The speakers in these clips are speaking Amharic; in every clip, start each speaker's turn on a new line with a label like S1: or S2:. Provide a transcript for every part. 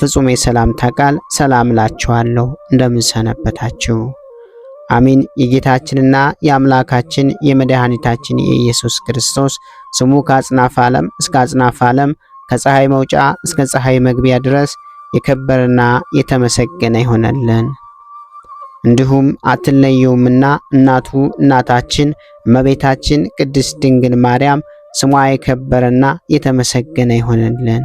S1: ፍጹም የሰላምታ ቃል ሰላም ላችኋለሁ። እንደምንሰነበታችሁ አሚን። የጌታችንና የአምላካችን የመድኃኒታችን የኢየሱስ ክርስቶስ ስሙ ከአጽናፍ ዓለም እስከ አጽናፍ ዓለም ከፀሐይ መውጫ እስከ ፀሐይ መግቢያ ድረስ የከበረና የተመሰገነ ይሆነልን። እንዲሁም አትለየውምና እናቱ እናታችን እመቤታችን ቅድስት ድንግል ማርያም ስሟ የከበረና የተመሰገነ ይሆነልን።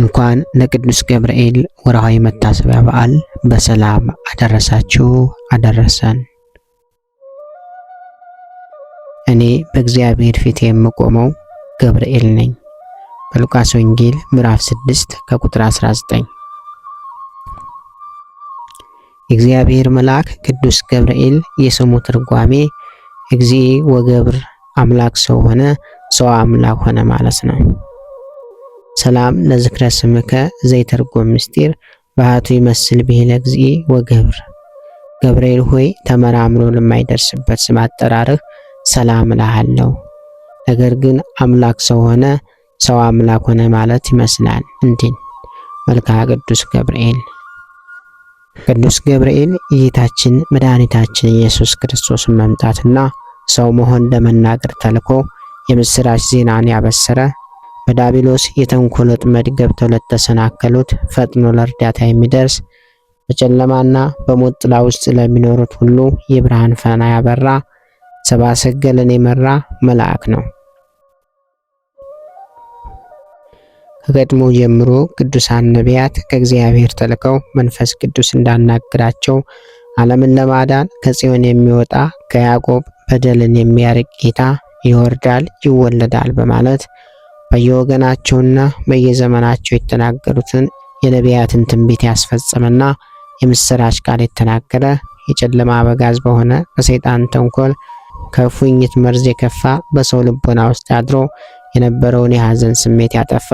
S1: እንኳን ለቅዱስ ገብርኤል ወርሃዊ መታሰቢያ በዓል በሰላም አደረሳችሁ አደረሰን። እኔ በእግዚአብሔር ፊት የምቆመው ገብርኤል ነኝ። በሉቃስ ወንጌል ምዕራፍ 6 ከቁጥር 19። የእግዚአብሔር መልአክ ቅዱስ ገብርኤል የስሙ ትርጓሜ እግዚእ ወገብር አምላክ ሰው ሆነ፣ ሰው አምላክ ሆነ ማለት ነው። ሰላም ለዝክረ ስምከ ዘይተርጎም ምስጢር ባህቱ ይመስል ብሄለ ጊዜ ወገብር ገብርኤል ሆይ ተመራምሮ ለማይደርስበት ስም አጠራርህ ሰላም እልሃለሁ። ነገር ግን አምላክ ሰው ሆነ፣ ሰው አምላክ ሆነ ማለት ይመስላል። እንዲን መልክዓ ቅዱስ ገብርኤል ቅዱስ ገብርኤል ጌታችን መድኃኒታችን ኢየሱስ ክርስቶስን መምጣትና ሰው መሆን ለመናገር ተልኮ የምስራች ዜናን ያበሰረ በዳቢሎስ አቢሎስ የተንኮል ወጥመድ ገብተው ለተሰናከሉት ፈጥኖ ለእርዳታ የሚደርስ በጨለማና በሞት ጥላ ውስጥ ለሚኖሩት ሁሉ የብርሃን ፈና ያበራ ሰብአ ሰገልን የመራ መልአክ ነው። ከቀድሞ ጀምሮ ቅዱሳን ነቢያት ከእግዚአብሔር ተልከው መንፈስ ቅዱስ እንዳናግራቸው ዓለምን ለማዳን ከጽዮን የሚወጣ ከያዕቆብ በደልን የሚያርቅ ጌታ ይወርዳል ይወለዳል በማለት በየወገናቸውና በየዘመናቸው የተናገሩትን የነቢያትን ትንቢት ያስፈጸመና የምስራች ቃል የተናገረ የጨለማ አበጋዝ በሆነ በሰይጣን ተንኮል ከፉኝት መርዝ የከፋ በሰው ልቦና ውስጥ አድሮ የነበረውን የሐዘን ስሜት ያጠፋ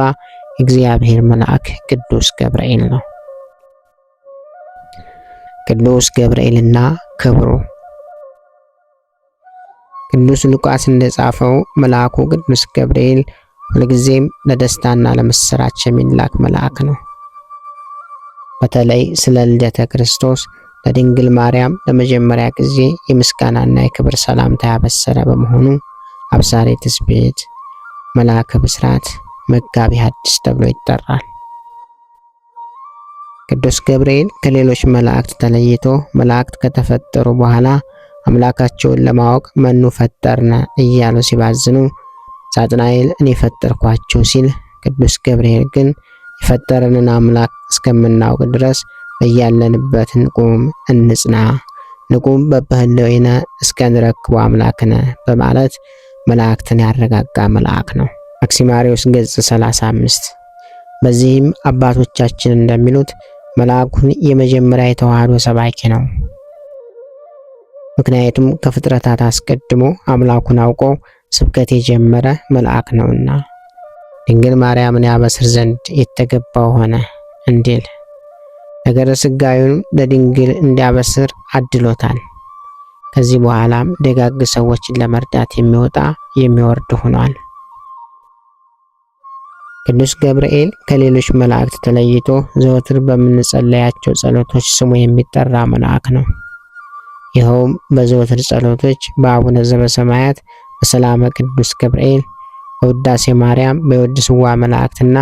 S1: እግዚአብሔር መልአክ ቅዱስ ገብርኤል ነው። ቅዱስ ገብርኤልና ክብሩ ቅዱስ ሉቃስ እንደጻፈው መልአኩ ቅዱስ ገብርኤል ሁልጊዜም ለደስታና ለምስራች የሚላክ መልአክ ነው። በተለይ ስለ ልደተ ክርስቶስ ለድንግል ማርያም ለመጀመሪያ ጊዜ የምስጋናና የክብር ሰላምታ ያበሰረ በመሆኑ አብሳሬ ትስብእት፣ መልአከ ብስራት፣ መጋቢ ሐዲስ ተብሎ ይጠራል። ቅዱስ ገብርኤል ከሌሎች መላእክት ተለይቶ መላእክት ከተፈጠሩ በኋላ አምላካቸውን ለማወቅ መኑ ፈጠርነ እያሉ ሲባዝኑ ሳጥናኤል እኔ ፈጠርኳችሁ ሲል፣ ቅዱስ ገብርኤል ግን የፈጠረንን አምላክ እስከምናውቅ ድረስ በያለንበት ንቁም እንጽና፣ ንቁም በበህለወይነ እስከ አምላክነ በማለት መላእክትን ያረጋጋ መልአክ ነው። አክሲማሪዎስ ገጽ 35 በዚህም አባቶቻችን እንደሚሉት መልአኩን የመጀመሪያ የተዋህዶ ሰባኪ ነው። ምክንያቱም ከፍጥረታት አስቀድሞ አምላኩን አውቆ ስብከት የጀመረ መልአክ ነውና ድንግል ማርያምን ያበስር ዘንድ የተገባው ሆነ እንዲል ነገረ ስጋዩን ለድንግል እንዲያበስር አድሎታል። ከዚህ በኋላም ደጋግ ሰዎችን ለመርዳት የሚወጣ የሚወርድ ሆኗል። ቅዱስ ገብርኤል ከሌሎች መላእክት ተለይቶ ዘወትር በምንጸለያቸው ጸሎቶች ስሙ የሚጠራ መልአክ ነው። ይኸውም በዘወትር ጸሎቶች በአቡነ ዘበሰማያት በሰላመ ቅዱስ ገብርኤል፣ በውዳሴ ማርያም፣ በየወድስዋ መላእክትና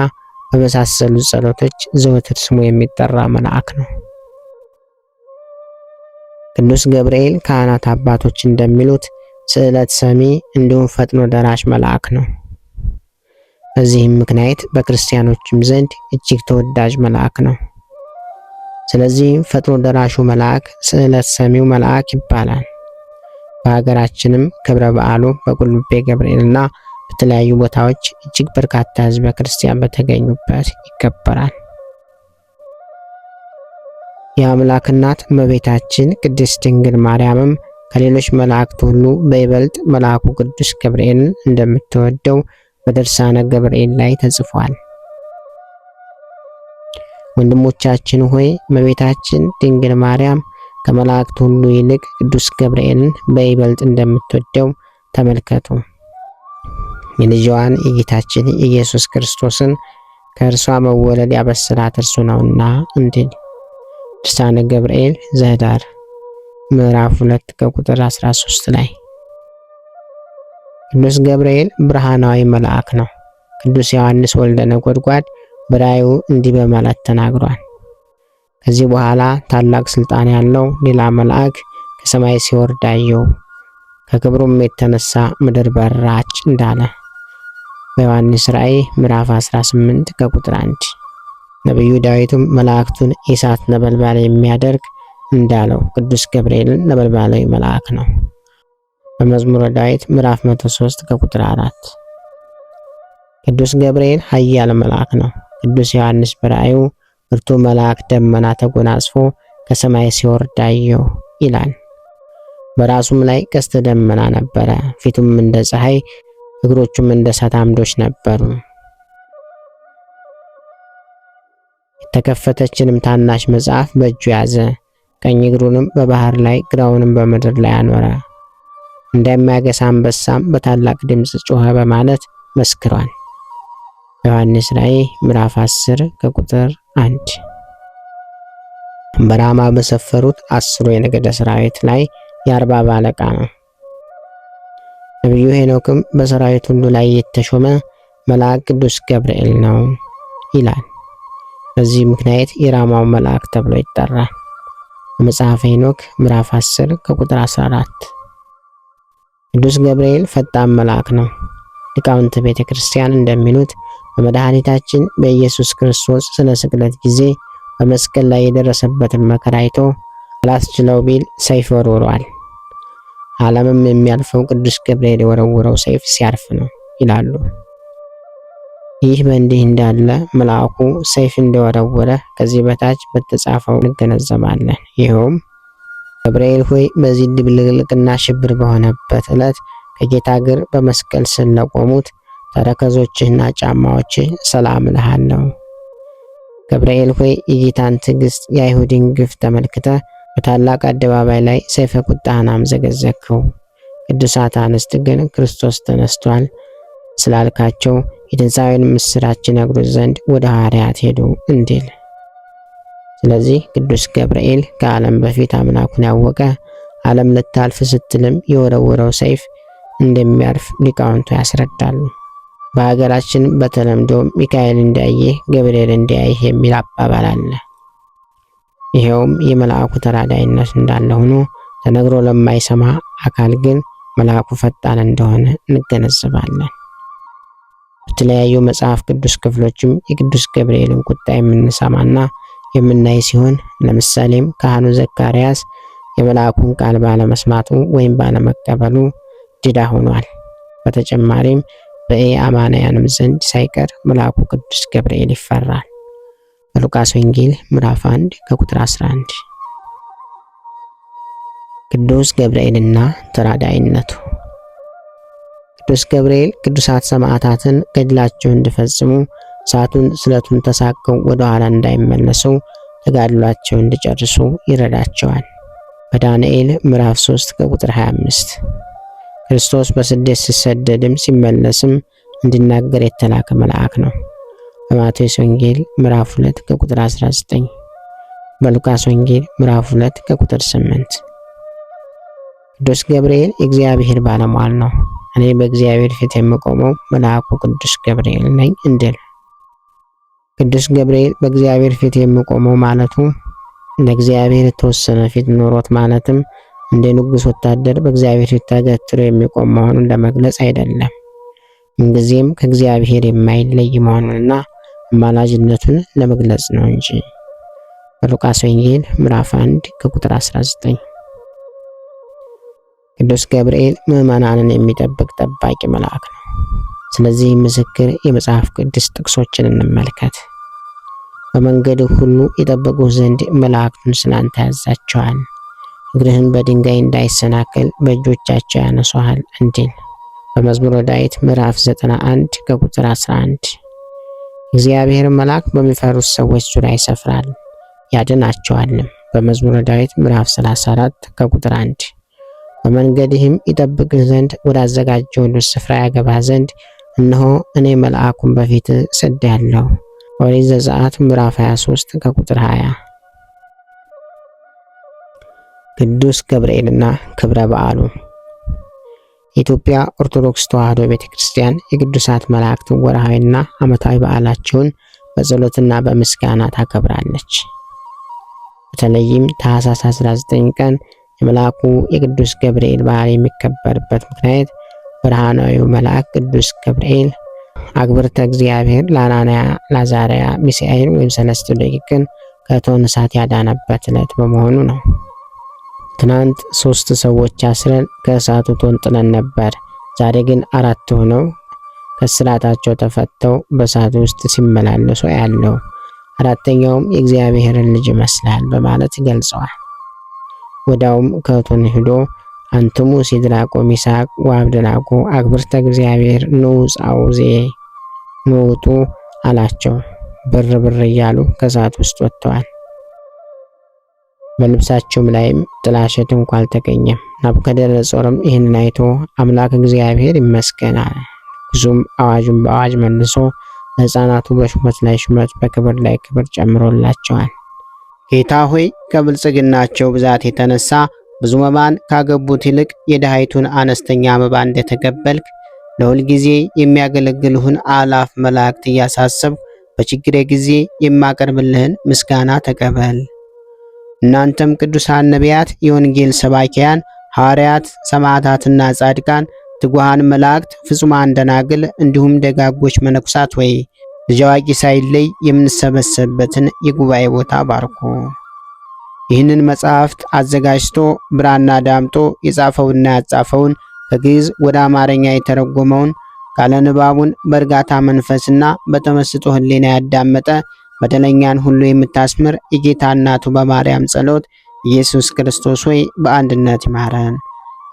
S1: በመሳሰሉ ጸሎቶች ዘወትር ስሙ የሚጠራ መልአክ ነው። ቅዱስ ገብርኤል ካህናት አባቶች እንደሚሉት ስዕለት ሰሚ እንዲሁም ፈጥኖ ደራሽ መልአክ ነው። በዚህም ምክንያት በክርስቲያኖችም ዘንድ እጅግ ተወዳጅ መልአክ ነው። ስለዚህም ፈጥኖ ደራሹ መልአክ ስዕለት ሰሚው መልአክ ይባላል። በሀገራችንም ክብረ በዓሉ በቁልቤ ገብርኤልና በተለያዩ ቦታዎች እጅግ በርካታ ህዝበ ክርስቲያን በተገኙበት ይከበራል። የአምላክ እናት እመቤታችን ቅድስት ድንግል ማርያምም ከሌሎች መላእክት ሁሉ በይበልጥ መልአኩ ቅዱስ ገብርኤልን እንደምትወደው በድርሳነ ገብርኤል ላይ ተጽፏል። ወንድሞቻችን ሆይ እመቤታችን ድንግል ማርያም ከመላእክት ሁሉ ይልቅ ቅዱስ ገብርኤልን በይበልጥ እንደምትወደው ተመልከቱ። የልጇን የጌታችን ኢየሱስ ክርስቶስን ከእርሷ መወለድ ያበስራት እርሱ ነውና እንዲል ድርሳነ ገብርኤል ዘህዳር ምዕራፍ 2 ከቁጥር 13 ላይ ቅዱስ ገብርኤል ብርሃናዊ መልአክ ነው። ቅዱስ ዮሐንስ ወልደ ነጎድጓድ በራእዩ እንዲህ በማለት ተናግሯል። ከዚህ በኋላ ታላቅ ስልጣን ያለው ሌላ መልአክ ከሰማይ ሲወርድ አየው፣ ከክብሩም የተነሳ ምድር በራች እንዳለ በዮሐንስ ራእይ ምዕራፍ 18 ከቁጥር 1። ነቢዩ ዳዊትም መላእክቱን የእሳት ነበልባል የሚያደርግ እንዳለው ቅዱስ ገብርኤልን ነበልባላዊ መልአክ ነው። በመዝሙረ ዳዊት ምዕራፍ 103 ከቁጥር 4። ቅዱስ ገብርኤል ኃያል መልአክ ነው። ቅዱስ ዮሐንስ በራእዩ ብርቱ መልአክ ደመና ተጎናጽፎ ከሰማይ ሲወርድ አየሁ ይላል። በራሱም ላይ ቀስተ ደመና ነበረ። ፊቱም እንደ ፀሐይ፣ እግሮቹም እንደ እሳት አምዶች ነበሩ። የተከፈተችንም ታናሽ መጽሐፍ በእጁ ያዘ። ቀኝ እግሩንም በባህር ላይ ግራውንም በምድር ላይ አኖረ። እንደሚያገሳ አንበሳም በታላቅ ድምፅ ጮኸ በማለት መስክሯል። ዮሐንስ ራዕይ ምዕራፍ 10 ከቁጥር አንድ በራማ በሰፈሩት አስሩ የነገደ ሰራዊት ላይ የአርባ አለቃ ነው። ነቢዩ ሄኖክም በሰራዊት ሁሉ ላይ የተሾመ መልአክ ቅዱስ ገብርኤል ነው ይላል። በዚህ ምክንያት የራማው መልአክ ተብሎ ይጠራል። በመጽሐፈ ሄኖክ ምዕራፍ 10 ከቁጥር 14። ቅዱስ ገብርኤል ፈጣን መልአክ ነው። ሊቃውንት ቤተ ክርስቲያን እንደሚሉት በመድኃኒታችን በኢየሱስ ክርስቶስ ስለ ስቅለት ጊዜ በመስቀል ላይ የደረሰበትን መከራ አይቶ አላስችለው ቢል ሰይፍ ወርውሯል። ዓለምም የሚያልፈው ቅዱስ ገብርኤል የወረወረው ሰይፍ ሲያርፍ ነው ይላሉ። ይህ በእንዲህ እንዳለ መልአኩ ሰይፍ እንደወረወረ ከዚህ በታች በተጻፈው እንገነዘባለን። ይኸውም ገብርኤል ሆይ በዚህ ድብልቅልቅና ሽብር በሆነበት ዕለት ከጌታ እግር በመስቀል ስለቆሙት። ተረከዞችህና ጫማዎችህ ሰላም እልሃለሁ። ገብርኤል ሆይ የጌታን ትዕግስት፣ የአይሁድን ግፍ ተመልክተ በታላቅ አደባባይ ላይ ሰይፈ ቁጣህን አምዘገዘግኸው። ቅዱሳት አንስት ግን ክርስቶስ ተነስቷል ስላልካቸው የትንሣኤውን ምስራችን ይነግሩት ዘንድ ወደ ሐዋርያት ሄዱ እንዲል። ስለዚህ ቅዱስ ገብርኤል ከዓለም በፊት አምላኩን ያወቀ ዓለም ልታልፍ ስትልም የወረወረው ሰይፍ እንደሚያርፍ ሊቃውንቱ ያስረዳሉ። በሀገራችን በተለምዶ ሚካኤል እንዳየ ገብርኤል እንዲያይህ የሚል አባባል አለ። ይኸውም የመልአኩ ተራዳይነት እንዳለ ሆኖ ተነግሮ ለማይሰማ አካል ግን መልአኩ ፈጣን እንደሆነ እንገነዘባለን። በተለያዩ መጽሐፍ ቅዱስ ክፍሎችም የቅዱስ ገብርኤልን ቁጣ የምንሰማና የምናይ ሲሆን ለምሳሌም ካህኑ ዘካርያስ የመልአኩን ቃል ባለመስማቱ ወይም ባለመቀበሉ ድዳ ሆኗል። በተጨማሪም በኢአማንያንም ዘንድ ሳይቀር መልአኩ ቅዱስ ገብርኤል ይፈራል። በሉቃስ ወንጌል ምዕራፍ 1 ከቁጥር 11። ቅዱስ ገብርኤልና ተራዳይነቱ ቅዱስ ገብርኤል ቅዱሳት ሰማዕታትን ገድላቸው እንዲፈጽሙ እሳቱን ስለቱን ተሳቀው ወደ ኋላ እንዳይመለሱ ተጋድሏቸው እንዲጨርሱ ይረዳቸዋል። በዳንኤል ምዕራፍ 3 ከቁጥር 25 ክርስቶስ በስደት ሲሰደድም ሲመለስም እንዲናገር የተላከ መልአክ ነው። በማቴዎስ ወንጌል ምዕራፍ 2 ከቁጥር 19፣ በሉቃስ ወንጌል ምዕራፍ 2 ከቁጥር 8። ቅዱስ ገብርኤል የእግዚአብሔር ባለሟል ነው። እኔ በእግዚአብሔር ፊት የምቆመው መልአኩ ቅዱስ ገብርኤል ነኝ እንድል ቅዱስ ገብርኤል በእግዚአብሔር ፊት የምቆመው ማለቱ ለእግዚአብሔር የተወሰነ ፊት ኖሮት ማለትም እንደ ንጉሥ ወታደር በእግዚአብሔር ፊት ተገትሮ የሚቆም መሆኑን ለመግለጽ አይደለም። ምንጊዜም ከእግዚአብሔር የማይለይ መሆኑንና አማላጅነቱን ለመግለጽ ነው እንጂ። በሉቃስ ወንጌል ምዕራፍ 1 ከቁጥር 19። ቅዱስ ገብርኤል ምዕመናንን የሚጠብቅ ጠባቂ መልአክ ነው። ስለዚህ ምስክር የመጽሐፍ ቅዱስ ጥቅሶችን እንመልከት። በመንገድ ሁሉ የጠበቁ ዘንድ መላእክቱን ስላንተ ያዛቸዋል እግርህን በድንጋይ እንዳይሰናከል በእጆቻቸው ያነሷሃል እንዲል በመዝሙረ ዳዊት ምዕራፍ 91 ከቁጥር 11። እግዚአብሔር መልአክ በሚፈሩት ሰዎች ዙሪያ ይሰፍራል ያድናቸዋልም። በመዝሙረ ዳዊት ምዕራፍ 34 ከቁጥር 1። በመንገድህም ይጠብቅህ ዘንድ ወዳዘጋጀሁልህ ስፍራ ያገባ ዘንድ እነሆ እኔ መልአኩን በፊት ያለው ኦሪት ዘፀአት ምዕራፍ 23 ከቁጥር 20 ቅዱስ ገብርኤልና ክብረ በዓሉ የኢትዮጵያ ኦርቶዶክስ ተዋሕዶ ቤተ ክርስቲያን የቅዱሳት መላእክት ወርሃዊና ዓመታዊ በዓላቸውን በጸሎትና በምስጋና ታከብራለች። በተለይም ታኅሳስ 19 ቀን የመልአኩ የቅዱስ ገብርኤል በዓል የሚከበርበት ምክንያት ብርሃናዊው መልአክ ቅዱስ ገብርኤል አግብርተ እግዚአብሔር ለአናንያ፣ ላዛርያ፣ ሚሳኤል ወይም ሰለስቱ ደቂቅን ከእቶነ እሳት ያዳነበት ዕለት በመሆኑ ነው። ትናንት ሶስት ሰዎች አስረን ከእሳቱ ተወንጥለን ነበር። ዛሬ ግን አራት ሆነው ከስራታቸው ተፈተው በእሳቱ ውስጥ ሲመላለሱ ያለው አራተኛውም የእግዚአብሔርን ልጅ ይመስላል በማለት ገልጸዋል። ወዳውም ከቱን ሂዶ አንትሙ ሲድራቆ ሚሳቅ ወአብደናጎ አክብርተ እግዚአብሔር ንውፃው ዜ ንውጡ አላቸው። ብር ብር እያሉ ከእሳት ውስጥ ወጥተዋል። በልብሳቸውም ላይም ጥላሸት እንኳ አልተገኘም። ናቡከደነጾርም ይህንን አይቶ አምላክ እግዚአብሔር ይመስገናል። ብዙም አዋጁን በአዋጅ መልሶ ለሕፃናቱ በሹመት ላይ ሹመት በክብር ላይ ክብር ጨምሮላቸዋል። ጌታ ሆይ ከብልጽግናቸው ብዛት የተነሳ ብዙ መባን ካገቡት ይልቅ የድሃይቱን አነስተኛ መባ እንደተቀበልክ ለሁል ጊዜ የሚያገለግልህን አላፍ መላእክት እያሳሰብ በችግሬ ጊዜ የማቀርብልህን ምስጋና ተቀበል። እናንተም ቅዱሳን ነቢያት፣ የወንጌል ሰባኪያን ሐዋርያት፣ ሰማዕታትና ጻድቃን፣ ትጉሃን መላእክት፣ ፍጹማን ደናግል እንዲሁም ደጋጎች መነኩሳት ወይ ልጅ አዋቂ ሳይለይ የምንሰበሰብበትን የጉባኤ ቦታ ባርኮ ይህንን መጽሐፍት አዘጋጅቶ ብራና ዳምጦ የጻፈውና ያጻፈውን ከግዕዝ ወደ አማርኛ የተረጎመውን ቃለ ንባቡን በእርጋታ መንፈስና በተመስጦ ሕሊና ያዳመጠ በደለኛን ሁሉ የምታስምር የጌታ እናቱ በማርያም ጸሎት ኢየሱስ ክርስቶስ ሆይ በአንድነት ይማረን።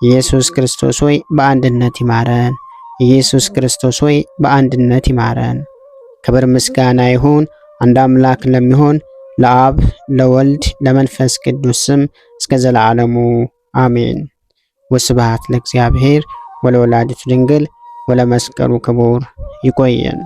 S1: ኢየሱስ ክርስቶስ ሆይ በአንድነት ይማረን። ኢየሱስ ክርስቶስ ሆይ በአንድነት ይማረን። ክብር ምስጋና ይሁን አንድ አምላክ ለሚሆን ለአብ ለወልድ ለመንፈስ ቅዱስ ስም እስከ ዘላለሙ አሜን። ወስብሐት ለእግዚአብሔር ወለወላዲቱ ድንግል ወለመስቀሉ ክቡር። ይቆየን።